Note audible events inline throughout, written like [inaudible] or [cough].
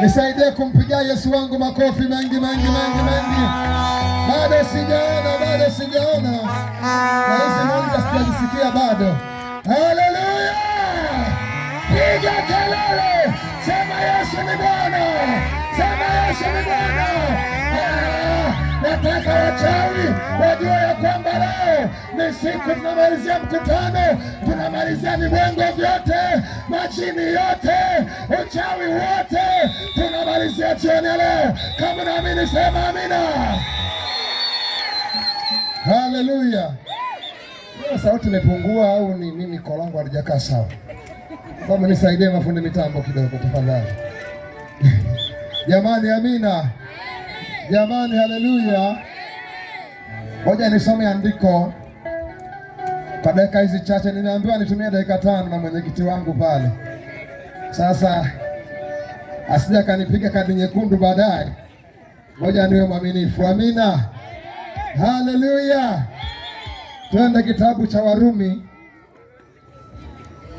Nisaidie kumpigia Yesu wangu makofi mengi mengi mengi mengi. Bado sijaona, bado sijaona. Yesu bado. Haleluya! Piga kelele, sema Yesu ni Bwana. Sema Yesu ni Bwana. Nataka wachawi wajue ya kwamba leo ni siku tunamalizia mkutano, tunamalizia vibwengo vyote, majini yote, uchawi wote, tunamalizia jioni ya leo. Kama naamini sema amina. Haleluya! Sauti imepungua au ni mimi kolongo alijakaa sawa? Kama nisaidie mafundi mitambo kidogo tafadhali. [laughs] Jamani, amina. Jamani, haleluya! Ngoja nisome andiko kwa dakika hizi chache. Nimeambiwa nitumie dakika tano na mwenyekiti wangu pale. Sasa asija kanipiga kadi nyekundu baadaye. Ngoja niwe mwaminifu. Amina, haleluya! Twende kitabu cha Warumi.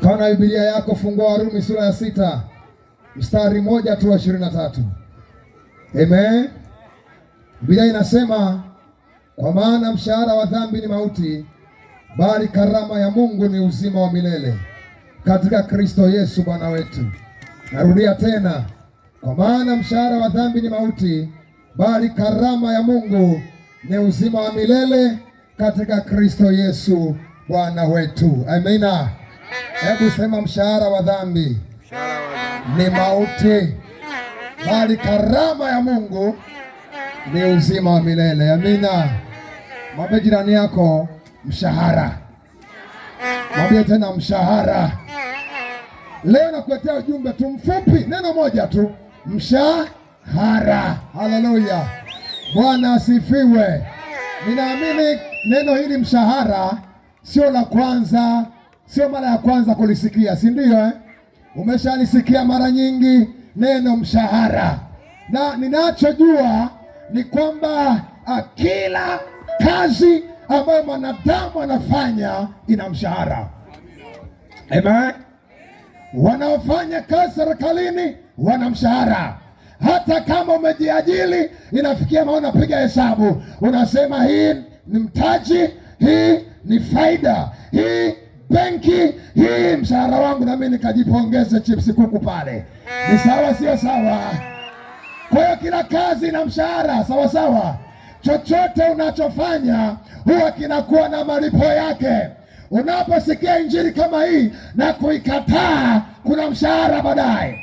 Kana Biblia yako, fungua Warumi sura ya sita mstari moja tu wa ishirini na tatu. Amen. Biblia inasema kwa maana mshahara wa dhambi ni mauti, bali karama ya Mungu ni uzima wa milele katika Kristo Yesu Bwana wetu. Narudia tena, kwa maana mshahara wa dhambi ni mauti, bali karama ya Mungu ni uzima wa milele katika Kristo Yesu Bwana wetu. Amina. Hebu sema, mshahara wa dhambi ni mauti, bali karama ya Mungu ni uzima wa milele. Amina. Mwambie jirani yako mshahara, mwambie tena mshahara. Leo nakuletea ujumbe tu mfupi, neno moja tu, mshahara. Haleluya, Bwana asifiwe. Ninaamini neno hili mshahara sio la kwanza, sio mara ya kwanza kulisikia, si ndio eh? Umeshalisikia mara nyingi neno mshahara, na ninachojua ni kwamba ah, kila kazi ambayo mwanadamu anafanya ina mshahara. Amen. Wanaofanya kazi serikalini wana mshahara hata kama umejiajili, inafikia mahali unapiga hesabu, unasema hii ni mtaji, hii ni faida, hii benki, hii mshahara wangu, nami nikajipongeze chipsi kuku pale. Ni sawa, sio sawa? Kwa hiyo kila kazi na mshahara sawa sawa, chochote unachofanya huwa kinakuwa na malipo yake. Unaposikia injili kama hii na kuikataa, kuna mshahara baadaye.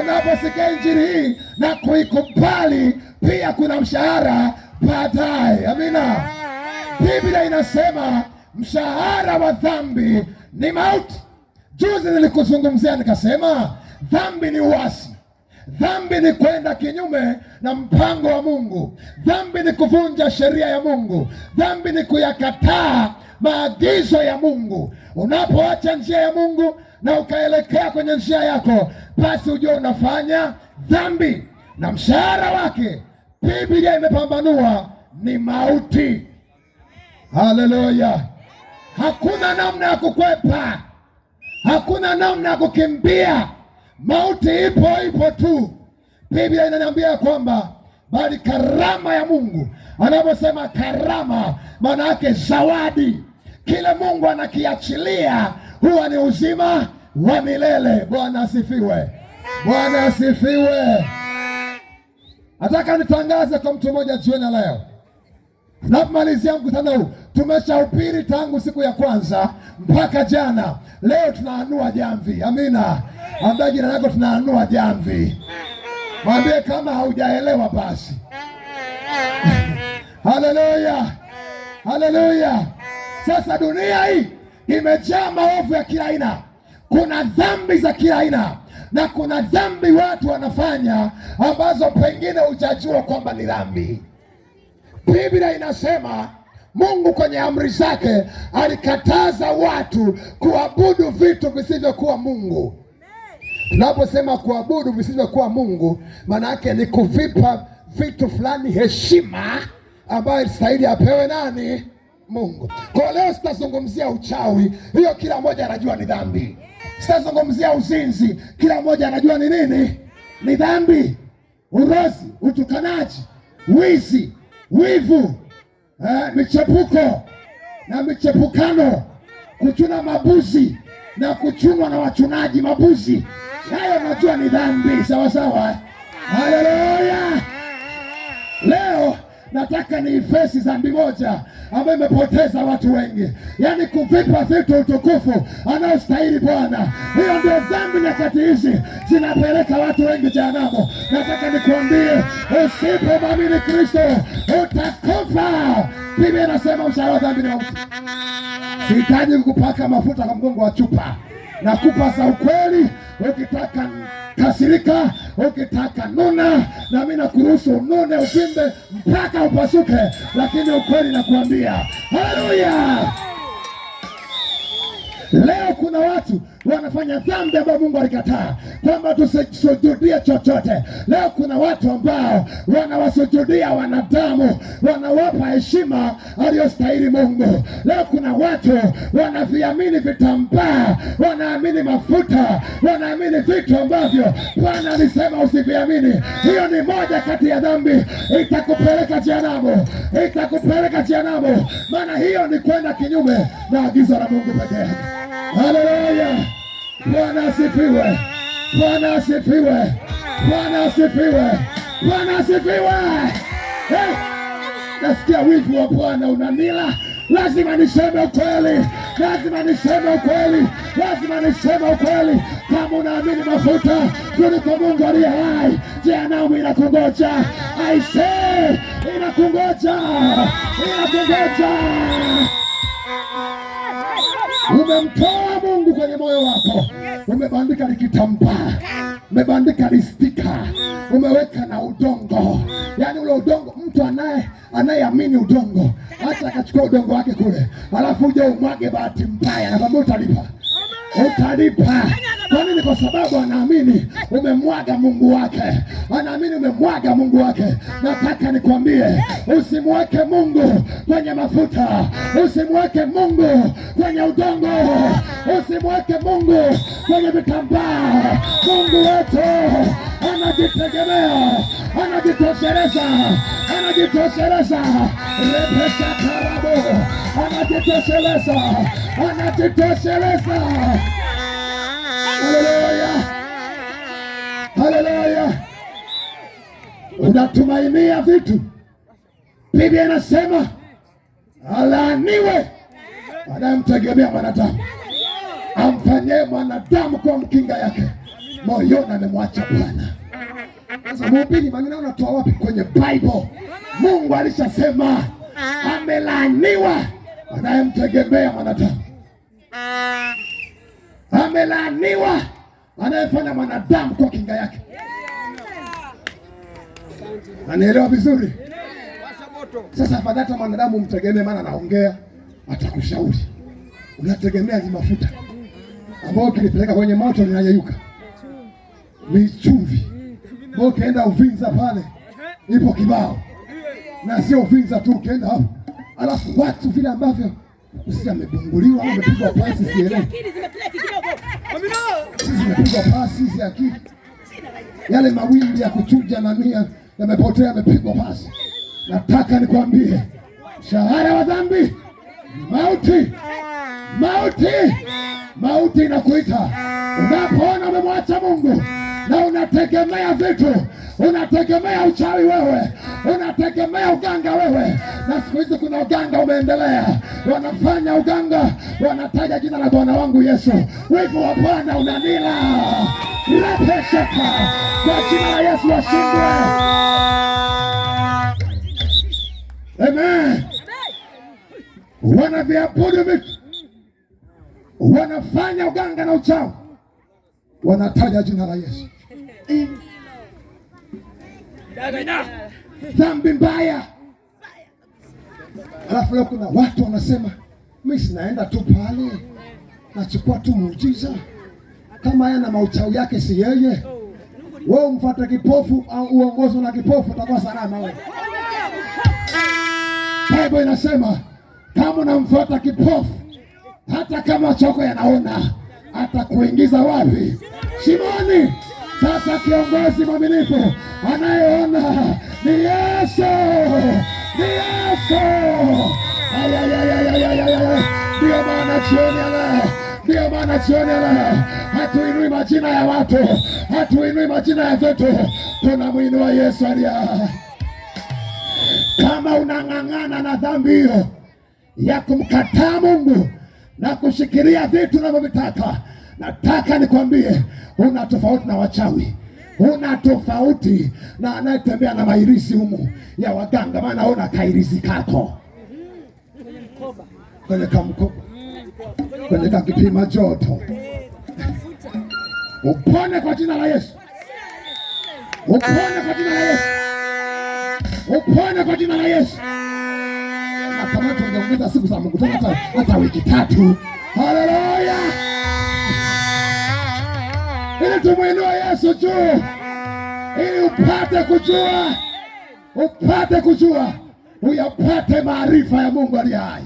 Unaposikia injili hii na kuikubali, pia kuna mshahara baadaye. Amina. Biblia inasema mshahara wa dhambi ni mauti. Juzi nilikuzungumzia nikasema dhambi ni uasi Dhambi ni kwenda kinyume na mpango wa Mungu. Dhambi ni kuvunja sheria ya Mungu. Dhambi ni kuyakataa maagizo ya Mungu. Unapoacha njia ya Mungu na ukaelekea kwenye njia yako, basi ujue unafanya dhambi, na mshahara wake Biblia imepambanua ni mauti. Haleluya! Hakuna namna ya kukwepa, hakuna namna ya kukimbia Mauti ipo ipo tu. Biblia inaniambia kwamba bali karama ya Mungu, anaposema karama, maana yake zawadi. Kile Mungu anakiachilia huwa ni uzima wa milele. Bwana asifiwe, Bwana asifiwe. Nataka nitangaze kwa mtu mmoja jioni leo Napomalizia mkutano huu, tumeshahubiri tangu siku ya kwanza mpaka jana. Leo tunaanua jamvi. Amina, ambaye jirani yako, tunaanua jamvi. Mwambie kama haujaelewa basi. [laughs] Haleluya, haleluya. Sasa dunia hii imejaa maovu ya kila aina. Kuna dhambi za kila aina na kuna dhambi watu wanafanya ambazo pengine hujajua kwamba ni dhambi. Biblia inasema Mungu kwenye amri zake alikataza watu kuabudu vitu visivyokuwa Mungu. Tunaposema kuabudu visivyokuwa Mungu, maana yake ni kuvipa vitu fulani heshima ambayo stahili apewe nani? Mungu. Kwa leo sitazungumzia uchawi, hiyo kila mmoja anajua ni dhambi. Sitazungumzia uzinzi, kila mmoja anajua ni nini, ni dhambi. Urozi, utukanaji, wizi wivu, eh, michepuko na michepukano, kuchuna mabuzi na kuchunwa na wachunaji mabuzi, hayo najua ni dhambi. Sawa sawa, haleluya nataka ni ifesi dhambi moja ambayo imepoteza watu wengi, yaani kuvipa vitu utukufu anaostahili Bwana. Hiyo ndio dhambi nyakati hizi zinapeleka watu wengi jehanamu. Nataka nikuambie, usipomwamini Kristo utakufa. Biblia inasema mshahara wa dhambi ni mauti. Sihitaji kupaka mafuta kwa mgongo wa chupa, nakupa za ukweli. Ukitaka kasirika, ukitaka nuna, na mimi nakuruhusu nune, uvimbe mpaka upasuke, lakini ukweli nakuambia, haleluya! Leo kuna watu wanafanya dhambi ambayo Mungu alikataa kwamba tusisujudie chochote. Leo kuna watu ambao wanawasujudia wanadamu, wanawapa heshima aliyostahili Mungu. Leo kuna watu wanaviamini vitambaa, wanaamini mafuta, wanaamini vitu ambavyo Bwana alisema usiviamini. Hiyo ni moja kati ya dhambi, itakupeleka jehanamu, itakupeleka jehanamu, maana hiyo ni kwenda kinyume na agizo la Mungu pekee. Haleluya! Bwana asifiwe! Bwana asifiwe! Bwana asifiwe! Bwana asifiwe! Nasikia wivu wa Bwana unanila. Lazima niseme kweli, lazima niseme kweli, lazima niseme kweli. Kama unaamini mafuta kuliko Mungu aliye hai, je, Jehanamu inakungoja? Aisee, inakungoja, inakungoja. Umemtoa Mungu kwenye moyo wako, umebandika likitambaa, umebandika listika, umeweka na udongo, yaani ule udongo. Mtu anaye anayeamini udongo, hata akachukua udongo wake kule, alafu uje umwage, bahati mbaya, nakwambia utalipa utalipa. Kwa nini? Kwa sababu anaamini umemwaga Mungu wake, anaamini umemwaga Mungu wake. Nataka nikwambie, usimweke Mungu kwenye mafuta, usimweke Mungu kwenye udongo, usimweke Mungu kwenye vitambaa. Mungu wetu anajitegemea, anajitosheleza, anajitosheleza repesa karabu, anajitosheleza, anajitosheleza Haleluya, haleluya. Unatumainia vitu, Biblia inasema alaaniwe anayemtegemea mwanadamu, amfanyie mwanadamu kwa mkinga yake, moyoni amemwacha Bwana. Sasa mhubiri, maneno unatoa wapi kwenye Bible? Mungu alishasema amelaaniwa anayemtegemea mwanadamu amelaaniwa anayefanya mwanadamu kwa kinga yake. Anaelewa vizuri sasa. Afadhali hata mwanadamu mtegemee, maana anaongea, atakushauri. Unategemea ni mafuta ambayo ukilipeleka kwenye moto linayeyuka, ni chumvi ambayo ukienda Uvinza pale ipo kibao, na sio Uvinza tu, ukienda hapo alafu watu vile ambavyo usi amebunguliwa amepigwa pasi sielewi zimepigwa pasi hizi akili. Yale mawimbi ya kuchuja na yamepotea, yamepigwa pasi. Nataka nikwambie, shahara wa dhambi mauti, mauti, mauti inakuita unapoona umemwacha Mungu na unategemea vitu, unategemea uchawi wewe, unategemea uganga wewe. Na siku hizi kuna uganga umeendelea, wanafanya uganga, wanataja jina la Bwana wangu Yesu. Wivu wa Bwana unanila repesheka kwa jina la Yesu, washindwe. Amen. Wanaviabudu vitu, wanafanya uganga na uchawi, wanataja jina la Yesu dhambi mbaya. Alafu leo kuna watu wanasema mimi sinaenda tu pale, nachukua tu muujiza kama yeye na mauchawi yake, si yeye. Wewe mfuate kipofu au uongozwe na kipofu, utakuwa salama wewe. Biblia inasema kama unamfuata kipofu, hata kama choko yanaona, atakuingiza wapi? Shimoni. Sasa kiongozi mwaminifu anayeona ni Yesu, ni Yesu. Ndiyo maana jioni ya leo, ndiyo maana jioni ya hatuinui majina ya watu, hatuinui majina ya vitu, tunamwinua Yesu alia. Kama unang'ang'ana na dhambi hiyo ya kumkataa Mungu na kushikilia vitu unavyovitaka Nataka nikwambie una tofauti na wachawi, una tofauti na anayetembea na mairisi humu ya waganga, maana una kairisi kako kwenye kamkoba, kwenye kakipima joto. Upone kwa jina la Yesu, upone kwa jina la Yesu, upone kwa jina la Yesu. Kama tungeongeza siku za mkutano hata wiki tatu. Haleluya! ili tumwinue Yesu juu, ili upate kujua, upate kujua, uyapate maarifa ya Mungu aliye hai.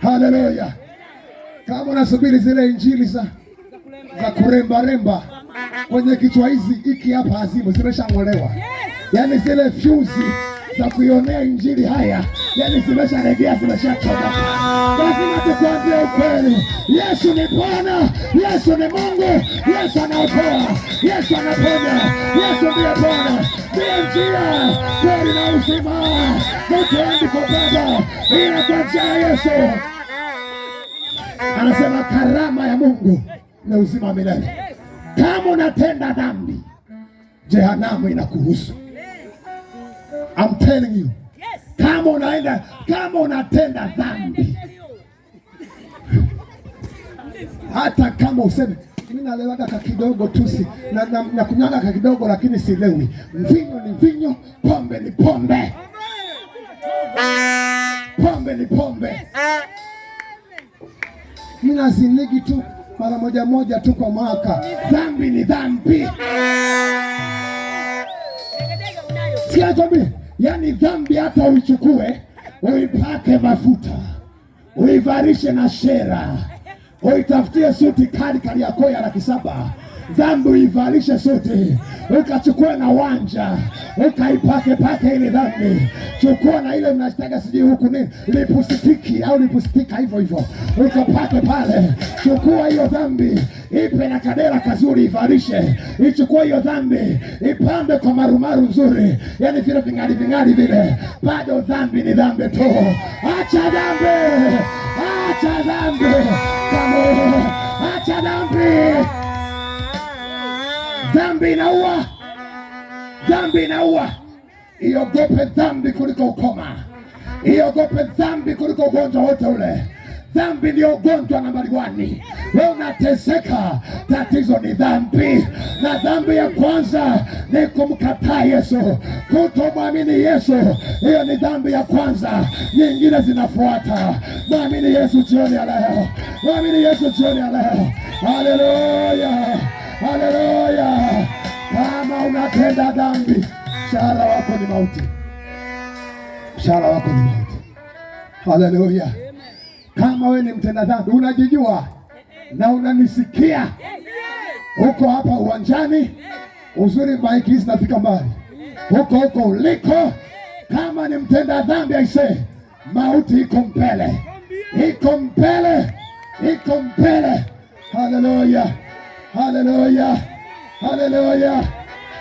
Haleluya! Kama unasubiri zile injili za za kuremba remba kwenye kichwa, hizi iki hapa azimu zimeshang'olewa, yaani zile fyuzi za kuionea injili haya, yani zimesharegea, zimeshachoka. Lazima tukwambie ukweli, Yesu ni Bwana, Yesu ni Mungu, Yesu anaokoa, Yesu anaponya, Yesu ndiye Bwana, ndiye njia, kweli na uzima. Mutuendi kwa Baba ila kwa njia ya Yesu. Anasema karama ya Mungu na uzima milele. Kama unatenda dhambi, jehanamu inakuhusu. I'm telling you. Yes. Kama unaenda kama unatenda dhambi hata kama useme mimi nalewaga ka kidogo tu si na, na, na kunyaga ka kidogo lakini silewi. Mvinyo ni vinyo, pombe ni pombe, pombe ni pombe. Mimi nazinigi tu mara moja moja tu kwa mwaka. Dhambi ni dhambi, siazobi Yaani dhambi hata uichukue uipake mafuta uivarishe na shera, uitafutie suti kali kali yako ya laki saba dhambi uivalishe suti ukachukua na wanja ukaipake pake ile dhambi. Chukua na ile mnashtaga sijui huku nini lipusitiki au lipustika, hivyo hivyo ukapake pale. Chukua hiyo dhambi ipe na kadera kazuri, ivalishe. Ichukua hiyo dhambi ipambe kwa marumaru nzuri, yani vile ving'ali ving'ali vile. Bado dhambi ni dhambi tu. Acha dhambi, acha dhambi, acha dhambi. Dhambi inaua, dhambi inaua. Iogope dhambi kuliko ukoma, iogope dhambi kuliko ugonjwa wote ule. Dhambi ndio ugonjwa na wani. Wewe unateseka, tatizo ni dhambi. Na dhambi ya kwanza ni kumkataa Yesu, kutomwamini Yesu. Hiyo ni dhambi ya kwanza, nyingine zinafuata. Mwamini Yesu jioni ya leo, mwamini Yesu jioni ya leo. Haleluya! Haleluya! Kama unatenda dhambi, mshahara wako ni mauti, mshahara wako ni mauti. Haleluya! Kama wewe ni mtenda dhambi, unajijua na unanisikia huko hapa uwanjani, uzuri maiki zinafika mbali, huko huko uliko. Kama ni mtenda dhambi, aisee, mauti iko mbele, iko mbele, iko mbele. Haleluya! Haleluya, haleluya.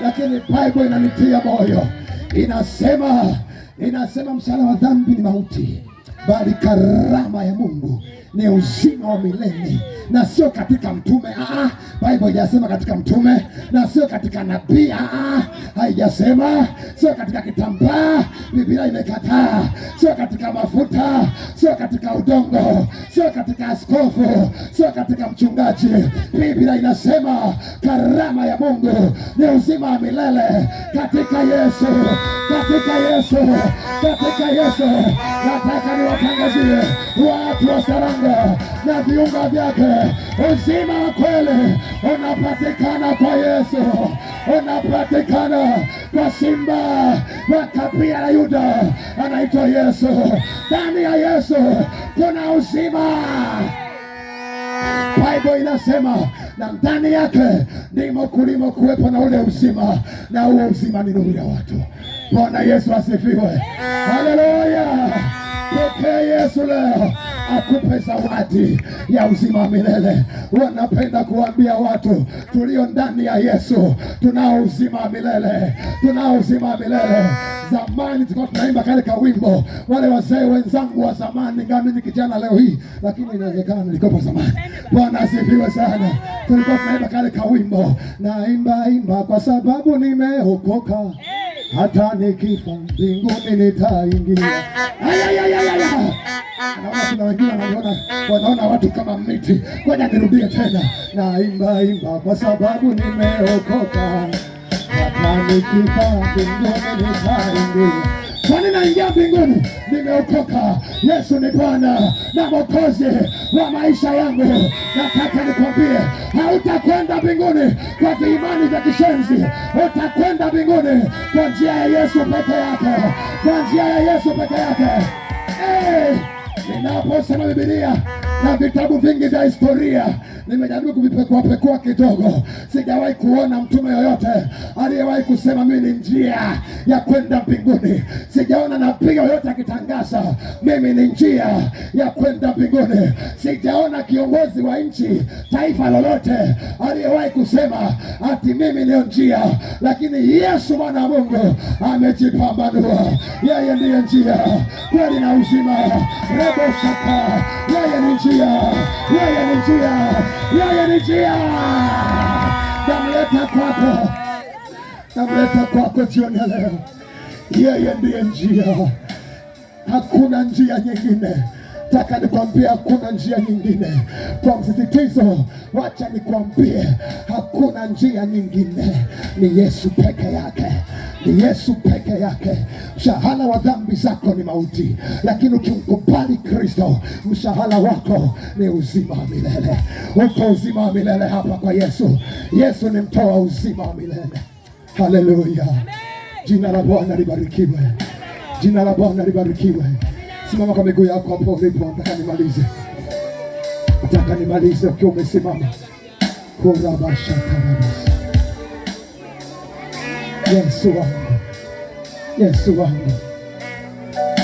Lakini Bible inanitia moyo, inasema inasema mshahara wa dhambi ni mauti, bali karama ya Mungu ni uzima wa milele na sio katika mtume. Ah, ah. Bible haijasema katika mtume na sio katika nabii. Ah, ah, haijasema sio katika kitambaa, Biblia imekataa. Sio katika mafuta, sio katika udongo, sio katika askofu, sio katika mchungaji. Biblia inasema karama ya Mungu ni uzima wa milele katika Yesu, katika Yesu, katika Yesu. Nataka niwatangazie watu wa Saranga Mungu na viunga vyake. Uzima wa kweli unapatikana kwa Yesu, unapatikana kwa simba wa kabila la Yuda, anaitwa Yesu. Ndani ya Yesu kuna uzima. Biblia inasema na ndani yake ndimo kulimo kuwepo na ule uzima, na ule uzima ni nuru ya watu. Bwana Yesu asifiwe, haleluya akupe zawadi ya uzima milele. Wanapenda kuambia watu tulio ndani ya Yesu tunao uzima milele, tunao uzima milele. Zamani tulikuwa tunaimba kale wimbo wale wazee wenzangu wa zamani, ngami ni kijana leo hii, lakini inawezekana nilikopo zamani. Bwana asifiwe sana. Tulikuwa tunaimba kale wimbo, naimba imba kwa sababu nimeokoka hata nikifa mbinguni nitaingia. Kuna wengine wanaona watu kama miti. Ngoja nirudie tena, naimba imba kwa sababu nimeokoka, hata nikifa mbinguni nitaingia kwa nini naingia mbinguni? Nimeokoka. Yesu ni Bwana na Mwokozi wa maisha yangu. Nataka nikwambie, hautakwenda mbinguni kwa imani za kishenzi, utakwenda mbinguni kwa njia ya Yesu peke yake, kwa njia ya Yesu peke yake. Hey! Ninaposoma Biblia na vitabu vingi vya historia, nimejaribu pekua kidogo, sijawahi kuona mtume yoyote aliyewahi kusema mimi ni njia ya kwenda mbinguni. Sijaona nabii yoyote akitangaza mimi ni njia ya kwenda mbinguni. Sijaona kiongozi wa nchi, taifa lolote aliyewahi kusema ati mimi ndiyo njia, lakini Yesu mwana wa Mungu amejipambanua, yeye ndiye njia, kweli na uzima. Shaka. Yeye ni njia, yeye ni njia, yeye ni njia. Namleta kwako, namleta kwako jioni ya leo. Yeye ndiye njia, hakuna njia nyingine. Taka nikwambie hakuna njia nyingine. Kwa msisitizo, wacha nikwambie hakuna njia nyingine, ni Yesu peke yake ni Yesu peke yake. Mshahara wa dhambi zako ni mauti, lakini ukimkubali Kristo mshahara wako ni uzima wa milele. Uko uzima wa milele hapa kwa Yesu. Yesu ni mtoa uzima wa milele. Haleluya, jina la Bwana libarikiwe, jina la Bwana libarikiwe. Simama kwa miguu yako hapo ulipo, nataka nimalize, nataka nimalize ukiwa umesimama kurabashakarabasa Yesu wangu, Yesu wangu,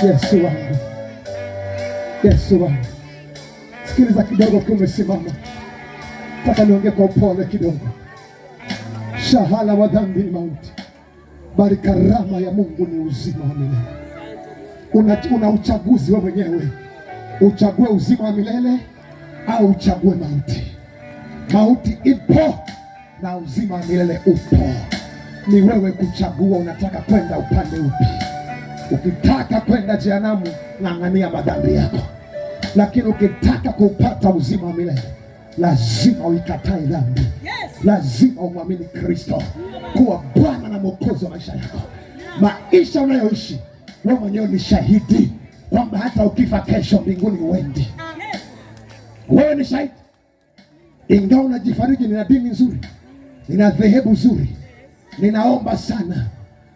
Yesu wangu, Yesu wangu. Sikiliza kidogo, ukiwa umesimama, nionge kwa upole kidogo. Shahala wa dhambi ni mauti, bali karama ya Mungu ni uzima wa milele. Una, una uchaguzi wewe mwenyewe, uchague uzima wa milele au uchague mauti. Mauti ipo na uzima wa milele upo ni wewe kuchagua unataka kwenda upande upi. Ukitaka kwenda jehanamu, ng'ang'ania madhambi yako, lakini ukitaka kupata uzima wa milele lazima uikatae dhambi. Yes. Lazima umwamini Kristo kuwa Bwana na Mwokozi wa maisha yako. Maisha unayoishi wewe mwenyewe ni shahidi kwamba hata ukifa kesho mbinguni uendi. Wewe ni shahidi, ingawa unajifariji, nina dini nzuri, nina dhehebu zuri Ninaomba sana,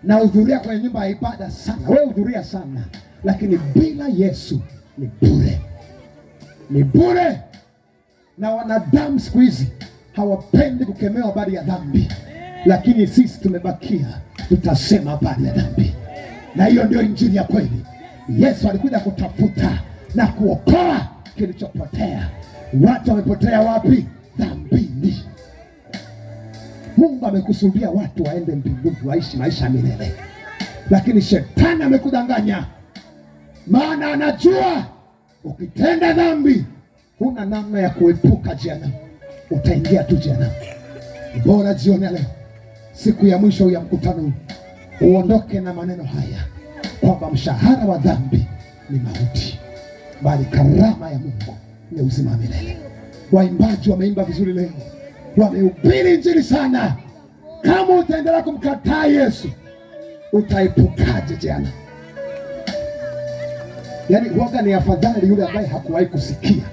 nahudhuria kwenye nyumba ya ibada sana, wewe hudhuria sana, lakini bila Yesu ni bure, ni bure. Na wanadamu siku hizi hawapendi kukemewa habari ya dhambi, lakini sisi tumebakia, tutasema habari ya dhambi, na hiyo ndio injili ya kweli. Yesu alikuja kutafuta na kuokoa kilichopotea. Watu wamepotea wapi? Dhambini. Mungu amekusudia watu waende mbinguni waishi maisha milele, lakini shetani amekudanganya, maana anajua ukitenda dhambi huna namna ya kuepuka jehanamu, utaingia tu jehanamu. Bora jioni leo, siku ya mwisho ya mkutano huu, uondoke na maneno haya kwamba mshahara wa dhambi ni mauti, bali karama ya Mungu ni uzima milele. Waimbaji wameimba vizuri leo wamehubiri injili sana. Kama utaendelea kumkataa Yesu utaepukaje jana? Yaani woga ni afadhali yule ambaye hakuwahi kusikia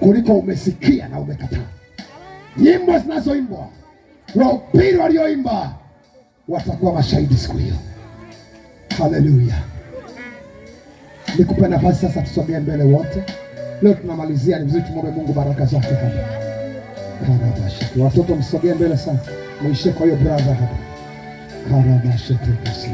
kuliko umesikia na umekataa. Nyimbo zinazoimbwa wahubiri walioimba watakuwa mashahidi siku hiyo. Haleluya! Nikupe nafasi sasa, tusogee mbele wote. Leo tunamalizia, ni vizuri tumwombe Mungu baraka zake hapa. Karabashete. Watoto msogee mbele sana, muishie kwa hiyo brother hapa. Karabashete kasi.